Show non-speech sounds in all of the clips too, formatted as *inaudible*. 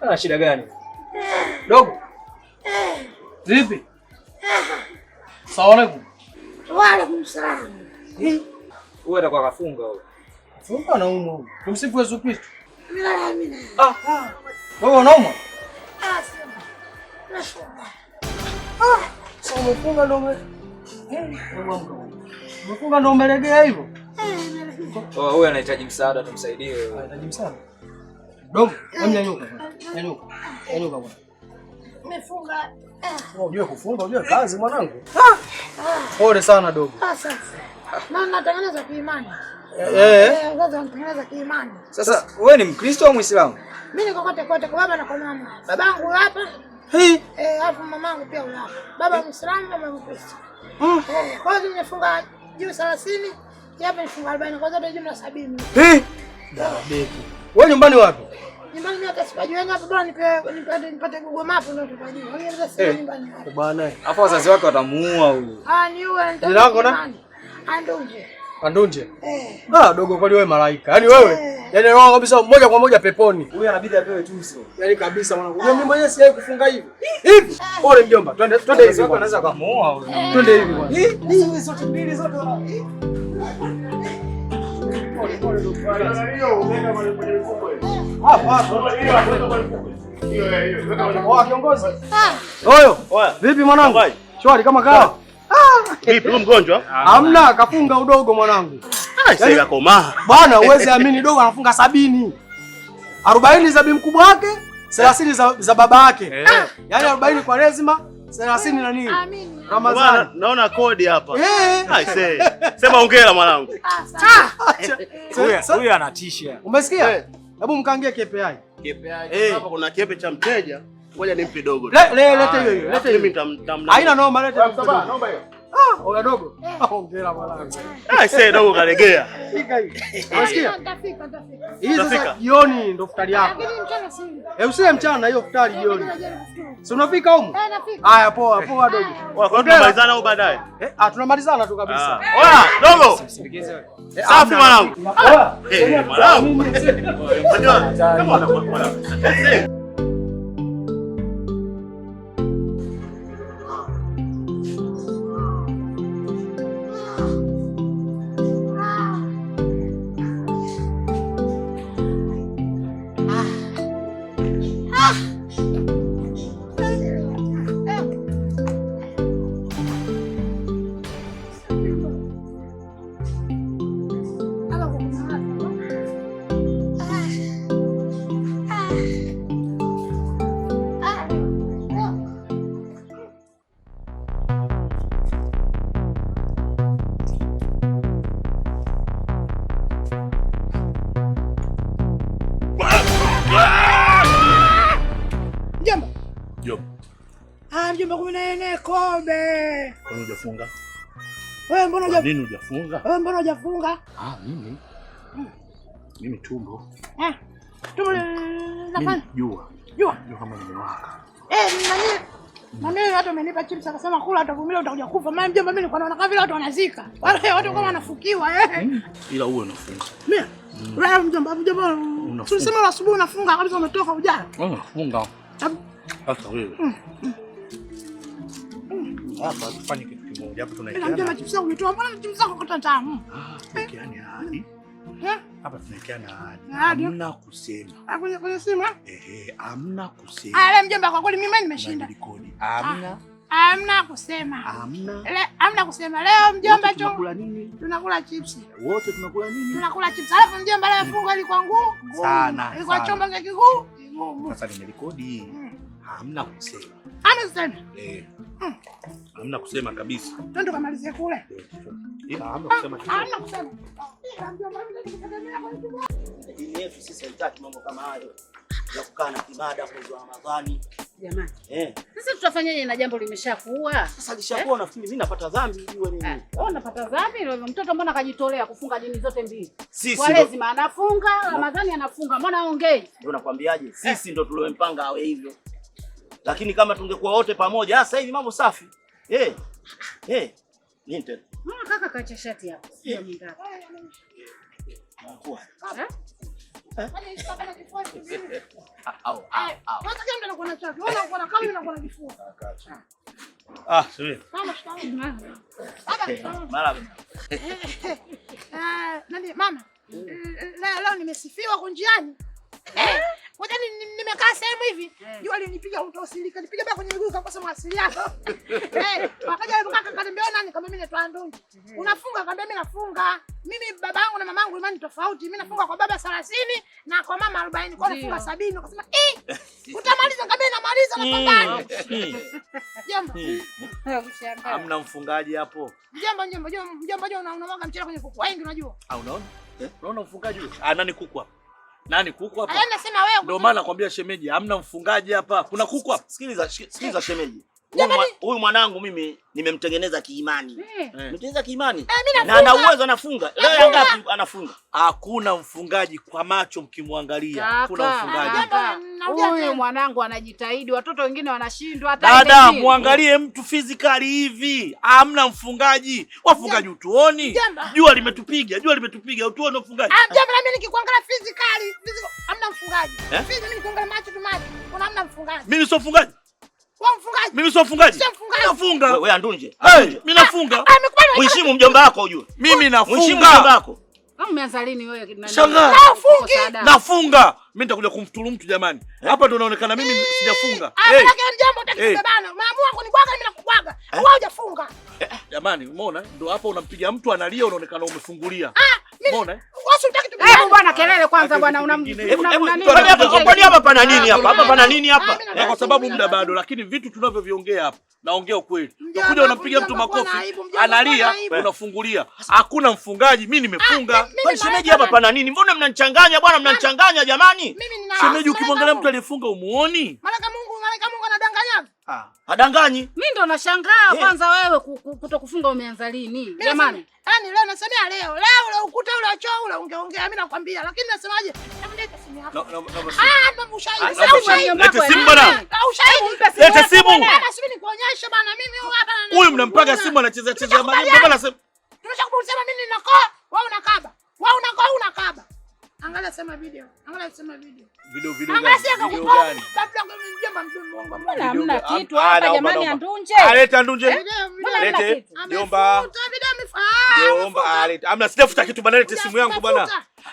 Ana shida gani? Dogo. Vipi? Sawa leo. Wala kumsalamu. Wewe atakuwa kafunga wewe. Funga na umo. Tumsifu Yesu Kristo. Mila amina. Ah ah. Wewe unauma? Ah sema. Nashoka. Ah, Sawa, umefunga ndo ume. Mfunga ndo umelegea hivyo? Eh, umelegea. Oh, huyu anahitaji msaada tumsaidie. Anahitaji ah, msaada. Dogo, amnyanyuka. Ujue oh, kufunga, ujue ah. kazi mwanangu. Ah. Pole sana dogo. Ah, eh, eh. Eh, sasa wewe ni Mkristo au Muislamu? Mimi niko kote kote kwa baba na kwa mama. Babangu hapa. Eh, mamangu pia Baba Muislamu, mama Mkristo. Kwa hiyo nimefunga juu 30, hapa 40, kwa hiyo jumla 70. Wewe nyumbani wapi? nyumbani hata sipajui yaani hapa bwana, nipe nipate nipate Google Map ndio tupajui. Wewe yaani hata eh. nyumbani hapa. Bwana, hapo wazazi wako watamuua huyu. Ah, ni wewe. Ni lako na? Andunje. Ah, Andunje? Eh. Ah, dogo kweli wewe malaika. Yaani wewe, eh. yaani roho kabisa moja kwa moja peponi. Huyu anabidi apewe tuzo. Yaani kabisa mwanangu. Unajua mimi mwenyewe sijai kufunga hivi. Hivi. Pole mjomba. Twende twende hivi. Anaweza kumuua Twende hivi bwana. Hizi zote mbili zote oyo, ah. vipi mwanangu? Shwari kama kawa. Ah, vipi mgonjwa? Hamna, kafunga udogo mwanangu. Kakomaa ah, yaani, bwana, uweze amini, dogo anafunga sabini, arobaini za bimkubwa mkubwa wake, thelathini za baba yake, eh. yaani arobaini kwa lazima thelathini na nini Ramadhani, naona kodi hapa. Eh. Ah, Sema hongera mwanangu, ah, huyu anatisha. Umesikia? Eh. Hebu mkaangie KPI. KPI eh, hapa kuna kiepe cha mteja, ngoja nimpe dogo. Lete hiyo hiyo, ah, Lete hiyo. Mimi Haina noma, lete. Naomba hiyo dogo eh. *laughs* hongera mwanangu. Ah, sasa dogo kalegea. Fika hivi. Ah, Unasikia? Hii sasa jioni ndo futari yako. Lakini mchana si. Eh, usiye mchana hiyo futari jioni. Si unafika huko? Eh, nafika. Haya, poa, poa ah. dogo. Tunamalizana au baadaye? Eh, ah, tunamalizana tu kabisa. Oya, dogo. Eh, Safi mwanangu. Eh, mwanangu. Unajua? Kama *laughs* mwanangu. Ah, mjomba, kumi na nne kombe. mbona hujafunga? Ah, hmm. Mimi tumbo. Ah. Maneno eh, umenipa chips akasema kula utavumilia utakuja kufa. Maana mjomba mimi nilikuwa kama vile watu wanazika. Wale watu kama mm. wanafukiwa eh. Mm. Ila uwe unafunga. Mimi. Mm. Wewe mjomba mjomba. Tulisema asubuhi unafunga kabisa umetoka ujana. unafunga. Sasa wewe. Hapa tufanye kitu kimoja. Hapa tunaikiana. Mjomba chips zangu umetoa. Mbona chips zako kata tamu? Yaani ah, hadi. Hapa tunaekea na ahadi. Hamna kusema. Ah, kwenye kwenye simu? Eh, hamna kusema. Ale ah, mjomba kwa kweli mimi nimeshinda. Hamna. Ah, hamna kusema. Hamna. Hamna kusema. Leo mjomba tu. Tunakula nini? Tunakula chips. Wote tunakula nini? Tunakula chips. Alafu mjomba leo fungo ilikuwa ngumu. Sana. Ilikuwa chombo cha kiguu. Sasa nimerekodi. Mm. Hamna kusema. Hamna kusema. Eh. Mm. Hamna kusema kabisa. Twende kamalizie kule. Eh ila amna ah, kusema yetu sisi mambo kama hayo ya kukaa na mwezi wa Ramadhani. Jamani, eh, sasa tutafanyaje na jambo limeshakuwa? Sasa lishakuwa, eh? nafikiri mimi napata dhambi nini? Wewe eh. unapata oh, dhambi, mtoto mbona akajitolea kufunga dini zote mbili? Sisi anafunga Ramadhani, anafunga mbona Ndio nakwambiaje, eh. sisi tuliwempanga awe hivyo, lakini kama tungekuwa wote pamoja ah, sasa hivi mambo safi. Eh, eh, nini tena Mbona kaka kacha shati hapo? Sio mndani. Eh? Eh? *laughs* Eh, ah, Mama, leo nimesifiwa kunjiani. Wajani nimekaa sehemu hivi. Jua linipiga utosi, likanipiga mpaka kwenye miguu kakosa mawasiliano. *laughs* Eh, wakaja kaka kaniambia nani kama mimi natoa ndungi. Mhm. Unafunga kaniambia mimi nafunga. Mimi babangu na mamangu imani tofauti. Mimi nafunga kwa baba 30 na kwa mama 40, kwa nafunga 70. Akasema, "Eh, utamaliza kama namaliza na mm. pambani." Mm. Jambo. Mm. Hamna mfungaji hapo. Jambo jambo jambo jambo unamwaga mchele kwenye kuku. Wengi unajua. Ah, unaona? Eh? Unaona mfungaji Ah, nani kuku hapo? Nani kuku hapa? wewe. Ndio maana nakwambia shemeji, hamna mfungaji hapa. Kuna kuku hapa. Sikiliza, sikiliza shemeji. Huyu mwanangu mimi nimemtengeneza kiimani, eh. Eh. nimemtengeneza kiimani eh, na ana uwezo, anafunga leo ngapi? Anafunga. Hakuna mfungaji kwa macho mkimwangalia, hakuna mfungaji. Huyu mwanangu anajitahidi, watoto wengine wanashindwa. Hata dada, muangalie mtu physically hivi, hamna mfungaji. Wafungaji utuoni, jua limetupiga, jua limetupiga, utuoni mfungaji. Ah, Jambo mimi nikikuangalia physically, hamna mfungaji. Mimi macho macho, tu kuna hamna mfungaji. Mimi sio mfungaji mimi sio mfungaji. Nafunga. Wewe andunje. Mimi ah, nafunga. Mheshimu mjomba wako ujue. Ah, mimi nafunga. Mheshimu mjomba wako. Umeanza lini wewe? Nafunga. Ah, nafunga. Mimi nitakuja kumturu mtu jamani. Eh? Hapa ndo unaonekana mimi sijafunga. Hey. Hey. Umeamua kunibwaga mimi nakubwaga. Eh? Wewe hujafunga. Eh, jamani, umeona? Ndio hapa unampiga mtu analia unaonekana umefungulia. Ah, mimi. Umeona? Wacha Bwana kelele kwanza bwana, una hapa pana nini hapa? Hapa pana nini hapa? Kwa sababu muda bado, lakini vitu tunavyoviongea hapa, naongea ukweli. Unakuja unampiga mtu makofi, analia, unafungulia. Hakuna mfungaji, mimi nimefunga. Ah, kwa shemeji hapa pana nini? Mbona mnanichanganya bwana, mnanichanganya jamani? Shemeji ukimwangalia mtu aliyefunga umuoni? Malaika Mungu, malaika Mungu anadanganya. Ah, adanganyi. Mimi ndo nashangaa eh. kwanza wewe kutokufunga umeanza lini? Jamani. Yaani leo nasemea leo. Leo ukuta ule wa ule ungeongea, mimi nakwambia, lakini nasemaje? Leta simu. Huyu mnampaga simu anacheza cheza maneno. Tunataka mimi ninakoa, wewe unakaba. Wewe unakoa, unakaba. Angalia sema video. Angalia sema video. Video video sema Video gani? Kabla kwa mjomba mzungu wangu. Mbona hamna kitu hapa jamani ya Aleta ndunje. Lete. Jomba. Ah, Jomba aleta. Hamna sitafuta kitu bana, lete simu yangu bana.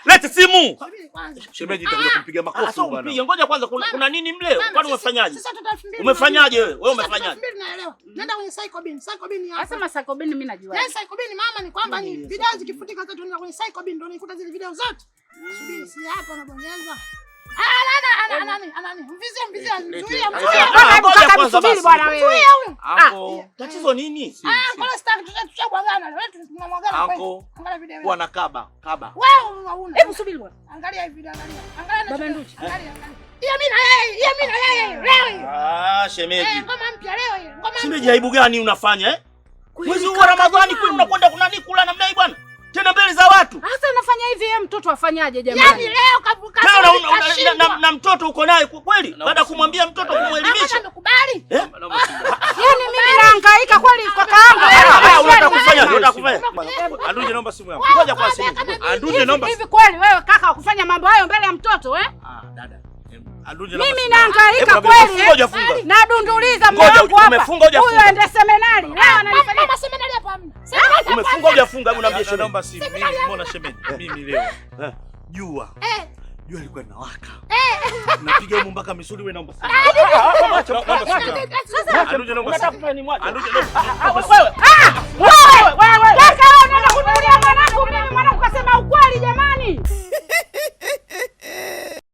Lete simu. Shemeji nitakuja kumpiga ah, makofi bwana. Piga ngoja kwanza kuna, kuna nini mle? Kwani umefanyaje? Umefanyaje wewe? Wewe umefanyaje? Mimi naelewa. Mm. Nenda kwenye Psycho Bin. Psycho Bin hapa. Sasa Psycho Bin mimi najua. Na yaani Psycho Bin mama ni kwamba yaani ni video zikifutika zote unaenda kwenye Psycho Bin ndio unakuta zile video zote. Mm. Subiri si hapa na bonyeza. Tatizo nini? shemeji, aibu gani unafanya eh? Mwezi Mwezi wa Ramadhani kwenu unakwenda kunani kula namna hii bwana? tena mbele za watu. Sasa unafanya hivi yeye mtoto afanyaje jamani? Yaani leo kabuka na, na na, na mtoto uko naye kwa kweli? Baada kumwambia mtoto kumuelimisha. kumwelimisha. Eh? Yaani mimi nahangaika kweli kwa kaanga. Haya yaani yaani yaani Unataka kufanya, unataka kufanya. Anduje naomba simu yangu. Ngoja kwa simu. Anduje naomba. Hivi kweli wewe kaka ukufanya mambo hayo mbele ya mtoto eh? Ah, dada. Mimi naangaika kweli, nadunduliza mume wangu hapa. Huyo ende seminari leo seminari hapa. Umefunga hujafunga? Hebu shemeji. Naomba si mimi, mbona shemeji? Mimi leo jua jua ilikuwa inawaka, napiga huko mpaka misuli. Wewe naomba wewe, unaenda kununulia mwanangu mwanangu, kasema ukweli jamani.